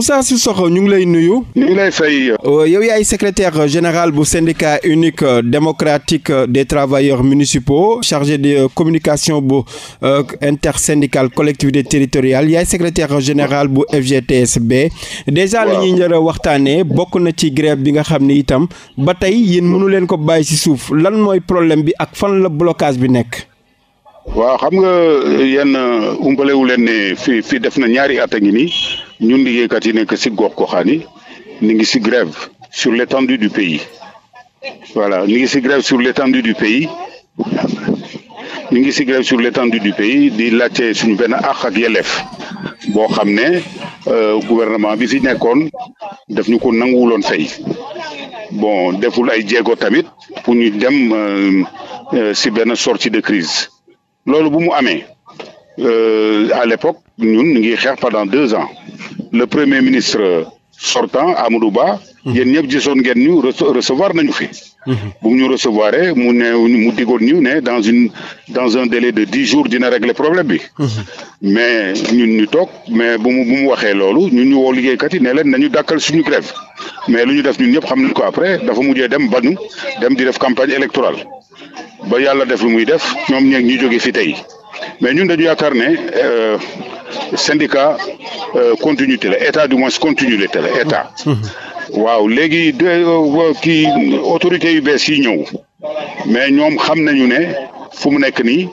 su Cissokho ñu ngi lay nuyu. ñu ngi lay fay. Euh, yow yaay secrétaire général bu syndicat unique euh, démocratique euh, des travailleurs municipaux chargé de communication bu intersyndical collectivité territoriale yaay secrétaire général bu FGTSB. déjà li ñuy njëriñ waxtaanee bokk na ci grève bi nga xam ni itam ba tey yéen mënu leen ko bàyyi ci suuf lan mooy problème bi ak fan la blocage bi nekk. waaw xam nga euh, yenn euh, umpalewu leen ne fii fii def na ñaari at a ngi nii ñun liggéeykat yi nekk si gox goxaan ni ngi si grève sur l'étendue du pays voilà ni ngi si grève sur l'étendue du pays ñu ngi si grève sur l'étendue du pays di laajte suñu benn àq ak yelleef boo xam ne euh, gouvernement bi fi nekkoon daf ñu ko nanguwuloon fay bon deful ay jéego tamit pour ñu dem si benn sortie de crise loolu bu mu amee euh, à l'époque ñun ngi xeex pendant deux ans le premier ministre sortant Amadou Ba. Mmh. yéen ñëpp gisoon ngeen ñu recevoir nañu fi. Mmh. bu ñu recevoir mu ne mu digoon ñu ne dans une dans un délai de dix jours dina régler problème bi. Mmh. mais ñun ñu toog mais bu mu bu mu waxee loolu ñun ñu woo liggéeykat yi ne leen ñu dàkkal suñu grève mais lu ñu def ñun ñëpp xam nañ ko après dafa mujjee dem bañu dem di def campagne électorale. ba yàlla def lu muy def ñoom ñu jóge fi tey mais ñun dañu yaakaar ne euh, syndicat euh, continuité la état du moins continuité la état. waaw léegi euh, kii autorité yu bees yi ñëw mais ñoom xam nañu ne fu mu nekk nii.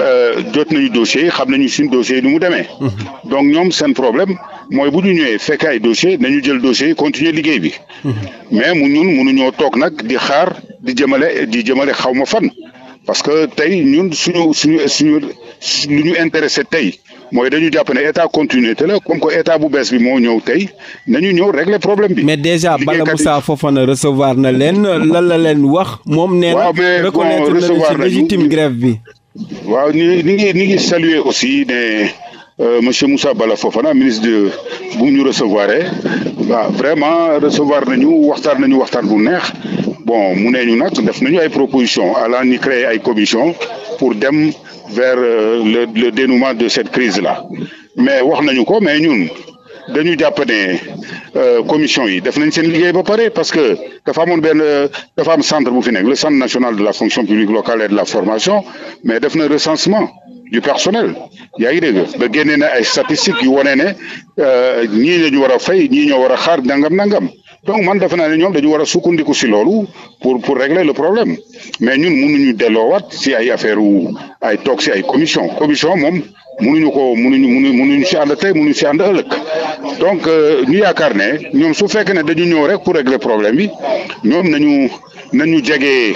Euh, jot nañu dossier xam nañu suñ dossier yi nu mu demee. Mhm. donc ñoom seen problème mooy bu ñu ñëwee fekk ay dossier nañu jël dossier yi continuer liggéey bi. Mhm. mais mu ñun mënuñoo toog nag di xaar di jëmale di jëmale xaw ma fan. parce que tey ñun suñu suñu suñu lu ñu intéressé tey mooy dañu jàpp ne état continuité la comme que état bu bees bi moo ñëw tey nañu ñëw régler problème bi. mais déjà Bala Moussa Fofana recevoir na leen lal la leen wax. moom nee na reconnaître na ci légitime waaw ñu ñu ngi ñu ngi saluer aussi ne euh, monsieur musa Bala Fofana ministre de bu ñu recevoir eh. waaw vraiment recevoir nañu waxtaan nañu waxtaan bu neex bon mu nee ñu nag def nañu ay proposition allant ni créer ay commission pour dem vers euh, le le dénouement de cette crise là mais wax nañu ko mais ñun. dañu jàpp ne euh, commission yi def nañ seen liggéey ba pare parce que dafa amoon benn dafa am centre bu fi nekk le centre national de la fonction publique locale et de la formation mais def na recensement du personnel yaa ngi dégg ba génnee na ay statistiques yu wane ne euh, ñii la ñu war a fay ñii ñoo war a xaar nangam nangam donc man defe naa ne ñoom dañu war a sukkandiku si loolu pour pour régler le problème mais ñun ñu mënuñu delloowaat si ay affaire wu ay toog si ay commission commission moom. mënuñu ko mënuñu mënuñu mënuñu si ànd tey mënuñu si ànd ëllëg donc euh, ñu yaakaar ne ñoom su fekkee ne dañu ñëw rek pour régler problème bi ñoom nañu ñu jege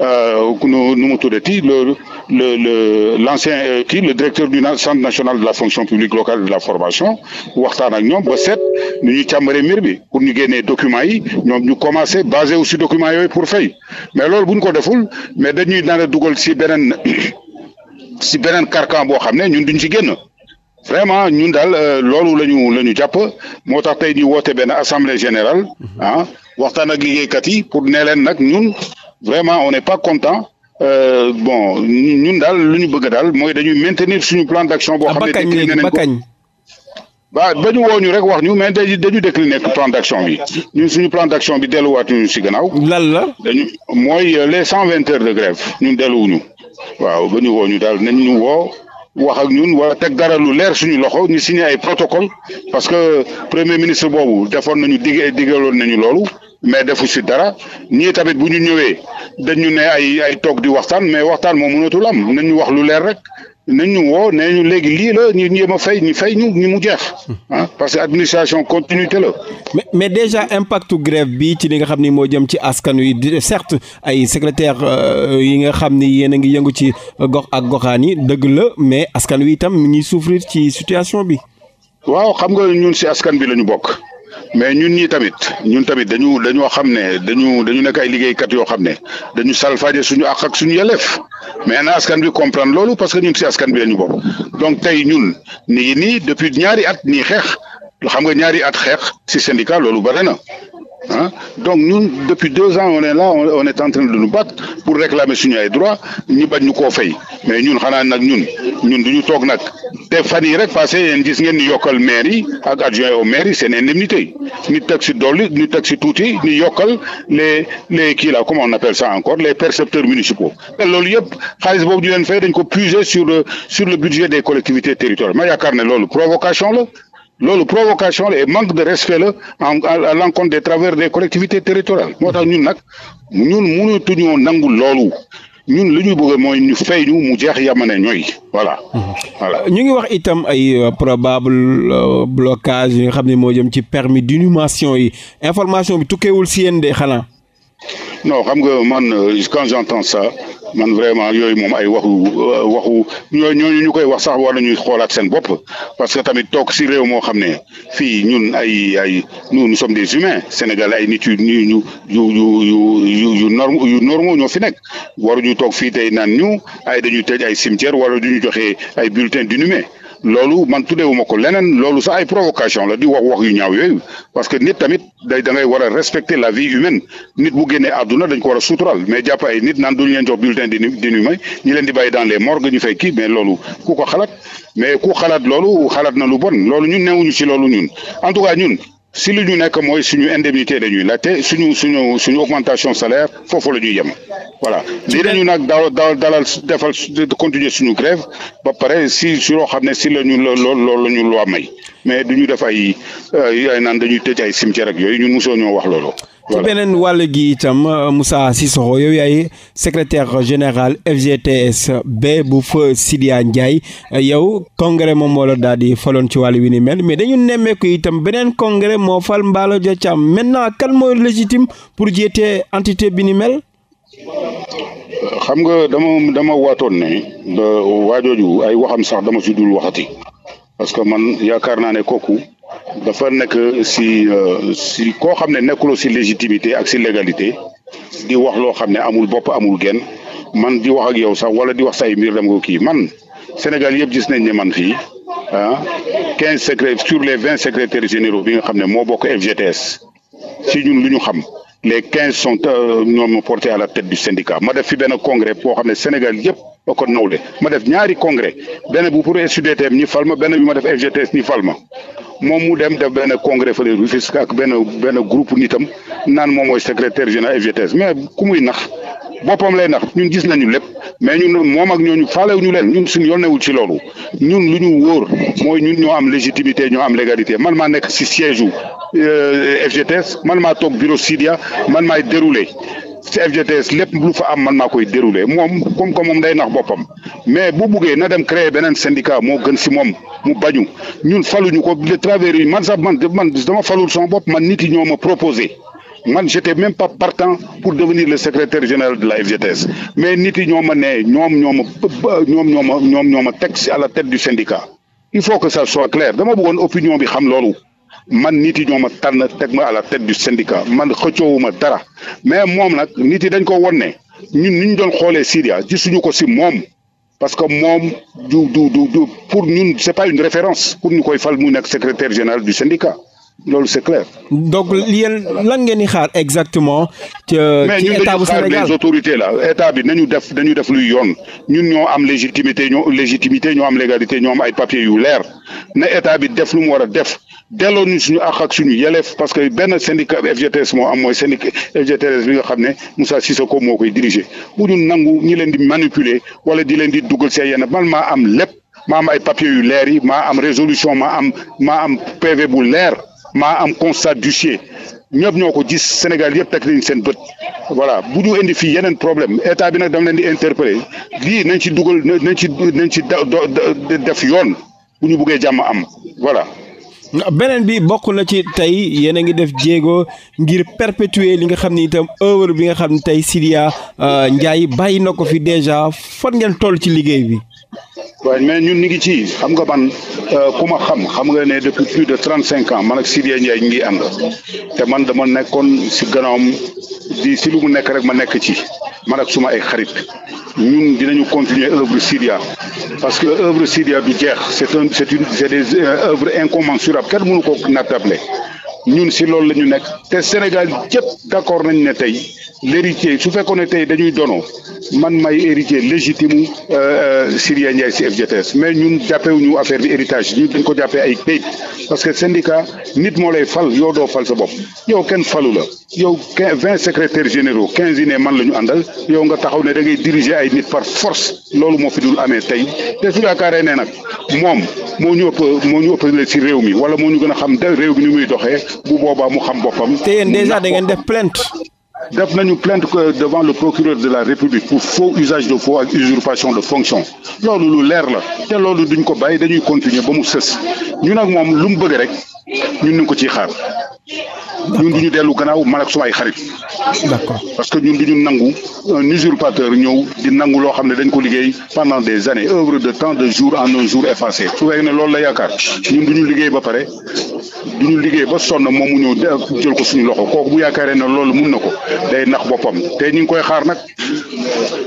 euh, nu nu mu tuddati le le le l' ancien euh, kii le directeur du centre national de la fonction publique locale de la formation waxtaan ak ñoom ba seet nu ñu càmbaree mbir bi pour ñu génnee documents yi ñoom ñu commencé basé aussi documents yooyu pour fay mais loolu bu ñu ko deful mais dañuy nar dugal si beneen. si beneen carcan boo xam ne ñun duñ ci génn vraiment ñun daal euh, loolu la ñu la ñu jàpp moo tax tey ñu woote benn assemblée général ah waxtaan ak liggéeykat yi pour ne leen nag ñun vraiment on n'est pas content euh, bon ñun daal lu ñu bëgg daal mooy dañuy maintenir suñu plan d'action boo xam ne décliné nañ ko ba ba ñu woo ñu rek wax ñu mais dañu dañu décliné plan d'action bi ñun suñu plan d'action bi delluwaat ñu si gannaaw lan la dañu mooy euh, les cent vingt de grève ñun delluwuñu waaw ba ñu woo ñu daal nañ ñu woo wax ak ñun wala teg dara lu leer suñu loxo ñu signé ay protocole parce que premier ministre boobu defoon nañu digg diggaloon nañu loolu mais defu si dara ñii tamit bu ñu ñëwee dañu ne ay ay toog di waxtaan mais waxtaan moom mënatul am nañu wax lu leer rek nañ ñu woo nee ñu léegi lii la ñu jéem a fay ñu fay ñu ñu mu jeex. Ah, parce que administration continuité la. mais mais déjà impacte grève bi ci li nga xam ni moo jëm ci askan wi certes ay secrétaire euh, yi nga xam ni yéen a ngi yëngu ci gox ak goxaan yi dëgg la mais askan wi itam mi ngi souffrir ci situation bi. waaw xam nga ñun si askan bi la ñu bokk. mais ñun ñi tamit ñun tamit dañu dañoo xam ne dañu dañu nekk ay liggéeykat yoo xam ne dañu salfaaje suñu àq ak suñu yelleef mais na askan bi comprendre loolu parce que ñun si askan bi lañu bokk donc tey ñun nii nii depuis ñaari at nii xeex xam nga ñaari at xeex si syndicat loolu bare na ah donc ñun depuis deux ans on est là on est en train de nous battre pour réclamer suñu ay droit ñu bañ ñu koo fay mais ñun xanaa nag ñun ñun du ñu toog nag te fan yi rek passé yéen gis ngeen ni yokkal maire yi ak adjoint au maire yi seen indemnité ñu teg si dolli ñu teg si tuuti ñu yokkal les les kii la comment on appelle ça encore les percepteurs municipaux te loolu yëpp xaalis boobu ñu leen fay dañ ko puiser collectivités territoriales ma yaakaar ne loolu provocation lo loolu provocation la et manque de respect la en à l'encontre des travers des collectivités territoriales moo tax ñun nag ñun mënatuñoo nangu loolu ñun lu ñu bëgg mooy ñu fay ñu mu jeex yamane ñooy voilà. voilà ñu ngi wax itam ay euh, probable euh, blocage yi nga xam ne moo jëm ci permis d'inhumation yi information bi tukkeewul si yéen de xanaa. non xam nga man euh, quand j'entends ça man vraiment yooyu moom ay waxu euh, waxu ñooñu ñu koy wax sax war nañuy xoolaat seen bopp parce que tamit toog si réew moo xam ne fii ñun ay ay nous nous sommes des humains Sénégal ay nit yu ñu yu yu yu yu norme yu normaux ñoo fi nekk ñu toog fii tey naan ñu ay dañuy tëj ay cimetière wala du ñu joxe ay bulletins d'inhumé loolu man tuddewuma ko leneen loolu sax ay provocation la di wax wax yu ñaaw yooyu parce que nit tamit day da ngay war a respecter la vie humaine nit bu génnee àdduna dañ ko war a sutural mais jàpp ay nit naan duñu leen jox bulletin d'inhumation ñi leen di bàyyi dans les morgues ñu fay kii mais loolu ku ko xalaat mais ku xalaat loolu xalaat na lu bon loolu ñun newuñu ci loolu ñun en tout cas ñun si lu ñu nekk mooy suñu indemnité dañuy laajte suñu suñu suñu augmentation salaire foofu la ñuy yem voilà dinañu nag daaw daaw dalal defal continuer suñu grève ba pare si si loo xam ne si la ñu lool lool la ñu loo may mais du ñu def ay ay naan dañuy tëj ay cimetière ak yooyu ñun mosoo ñoo wax loolu. ci beneen wàll gi itam euh, Moussa Cissokho yow yaay secrétaire général FGTS B bu fa Sidia Ndiaye euh, yow congrès moom moo la daal di faloon ci wàll wi ni mel mais dañu nemmeeku itam beneen congrès moo fal Mballo Dia Thiam maintenant kan mooy légitime pour jiite entité bi ni mel. xam nga dama dama waatoon ne euh, waajooju ay waxam sax dama si dul waxati parce que man yaakaar naa ne kooku. dafa nekk si euh, si koo xam ne nekkuloo si légitimité ak si légalité di wax loo xam ne amul bopp amul genn man di wax ak yow sax wala di wax say mbir dem ko kii man Sénégal yëpp gis nañ ne man fii ah quinze secré sur les vingt secrétaires généraux bi nga xam ne moo bokk FGTS si ñun lu ñu xam les quinze sont euh, ñoom portés à la tête du ma def fi benn congrès boo xam ne Sénégal yëpp ba ko nawle ma def ñaari congrès benn bu pour SUDTM ñi fal ma benn bi ma def FGTS ñi fal moom mu dem def benn congrès fële Rufisque ak benn benn groupe nitam naan moom mooy secrétaire général FGTS mais ku muy nax boppam lay nax ñun gis nañu lépp mais ñun moom ak ñoo ñooñu faalewuñu leen ñun suñu yónneewul ci loolu ñun lu ñu wóor mooy ñun ñoo am légitimité ñoo am légalité man maa nekk si siège u euh, FGTS man maa toog bureau Sidia man maay déroulé ci FGTS lépp lu fa am man maa koy déroulé moom comme que moom day nax boppam mais bu buggee na dem créer beneen syndicat moo gën si moom mu bañu ñun faluñu ko de travers yi man sax man man dama falul sama bopp man nit yi ñoo ma proposé man j'étais même pas partant pour devenir le secrétaire général de la FGTS mais nit yi ñoo ma nee ñoom ñoo ma ñoom ñoo ma ñoom ñoo ma teg si à la tête du syndicat il faut que ça soit clair dama bëggoon opinion bi xam loolu. man nit yi ñoo ma tànn teg ma à la tête du syndicat man xëccoowuma dara mais moom nag nit yi dañ ko won ne ñun ni ñu doon xoolee Syria gisuñu ko si moom parce que moom du du du du pour ñun c'est pas une référence pour ñu koy fal mu nekk secrétaire général du syndicat loolu c'est clair. donc yéen lan ngeen di xaar exactement. ci euh, état bu Sénégal mais ñun dañu xaar les autorités là état bi nañu def nañu def luy yoon ñun ñoo am légitimité ñoo légitimité ñoo am légalité ñoo am ay papiers yu leer na état bi def lu mu war a def. delloo ñu suñu àq ak suñu yeleef parce que benn syndicat FGTS moo am mooy syndicat FGTS bi nga xam ne Moussa ko moo koy diriger bu ñu nangu ñi leen di manipuler wala di leen di dugal seen yenn man maa am lépp maa am ay papier yu leer yi maa am résolution maa am maa am PV bu leer maa am constat d'huissier ñëpp ñoo ko gis Sénégal yëpp teg nañ seen bët voilà bu ñu indi fii yeneen problème état bi nag dama leen di interpeller lii nañ ci dugal nañ ci nañ ci def yoon bu ñu buggee jàmm am voilà. beneen bi bokk na ci tey yéen a ngi def jéego ngir perpétuer li nga xam ni itam œuvre bi nga xam ne tey Sidia euh, njaay bàyyi na ko fi déjà fan ngeen toll ci liggéey bi. waaye mais ñun ñu ngi ci xam nga man euh, ku ma xam xam nga ne depuis plus de trente cinq ans man ak Sidia Ndiaye ñu ngi ànd te man dama nekkoon si gannaawam di si lu mu nekk rek ma nekk ci. man ak suma ay xarit ñun dinañu continuer œuvre Sidia parce que œuvre Sidia du jeex c'est un c'est une c'est des euh, œuvres incommensurables kenn mënu ko nattable ñun si loolu la ñu nekk te Sénégal yëpp d'accord nañ ne tey l'héritier su fekkoon ne tey dañuy dono man may héritier légitime euh, euh, Siria Ndiaye si FGTS mais ñun jàppewuñu affaire bi héritage ñu dañ ko jàppee ay kayit parce que syndicat nit moo lay fal yoo doo fal sa bopp yow kenn falu la yow vingt secrétaires générau quinze yi ne man la ñu àndal yow nga taxaw ne da ngay ay nit par force loolu moo fi dul amee tey te su yaakaaree ne nag moom moo ñu ëpp moo ñu ëppale si réew mi wala moo ñu gën a xam réew mi ni muy doxee bu boobaa mu xam boppam. te yéen dèjà da ngeen def plainte. def nañu plainte devant le procureur de la république pour faux usage de faux ak usurpation de fonction loolu lu leer la te loolu duñ ko bàyyi dañuy continuer ba mu sës ñu nag moom lu mu bëgg rek ñun ñu ko ciy xaar ñun ñu dellu gannaaw man ak sumay xarit d'accord parce que ñun ñu nangu un usurpateur ñëw di nangu loo xam ne dañ ko liggéey pendant des années œuvre de temps de jour en un jour effacé su fekkee ne loolu la yaakaar ñun ñu liggéey ba pare duñu liggéey ba sonn moom mu ñëw jël ko suñu loxo kooku bu yaakaaree ne loolu mun na ko day nax boppam te ñu koy xaar nag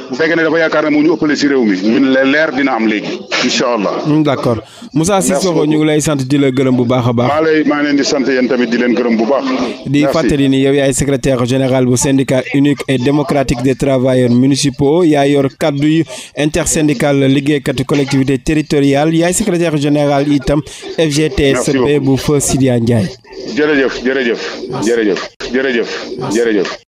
bu fekkee ne dafa yaakaar ne moo ñu ëppale si réew mi ñun leer dina am léegi incha allah. Mm, d'accord Moussa ñu ngi lay sant di la gërëm bu baax a baax. maa lay maa leen di sant yéen tamit di leen gërëm bu baax. di fàttali ni yow yaay secrétaire général bu syndicat unique et démocratique des travailleurs municipaux yaa yor kaddu yi intersyndical liggéeykatu collectivité territoriale yaay secrétaire général itam FGTSB bu Sidya Ndiaye. jërëjëf jërëjëf jërëjëf jërëjëf jërëjëf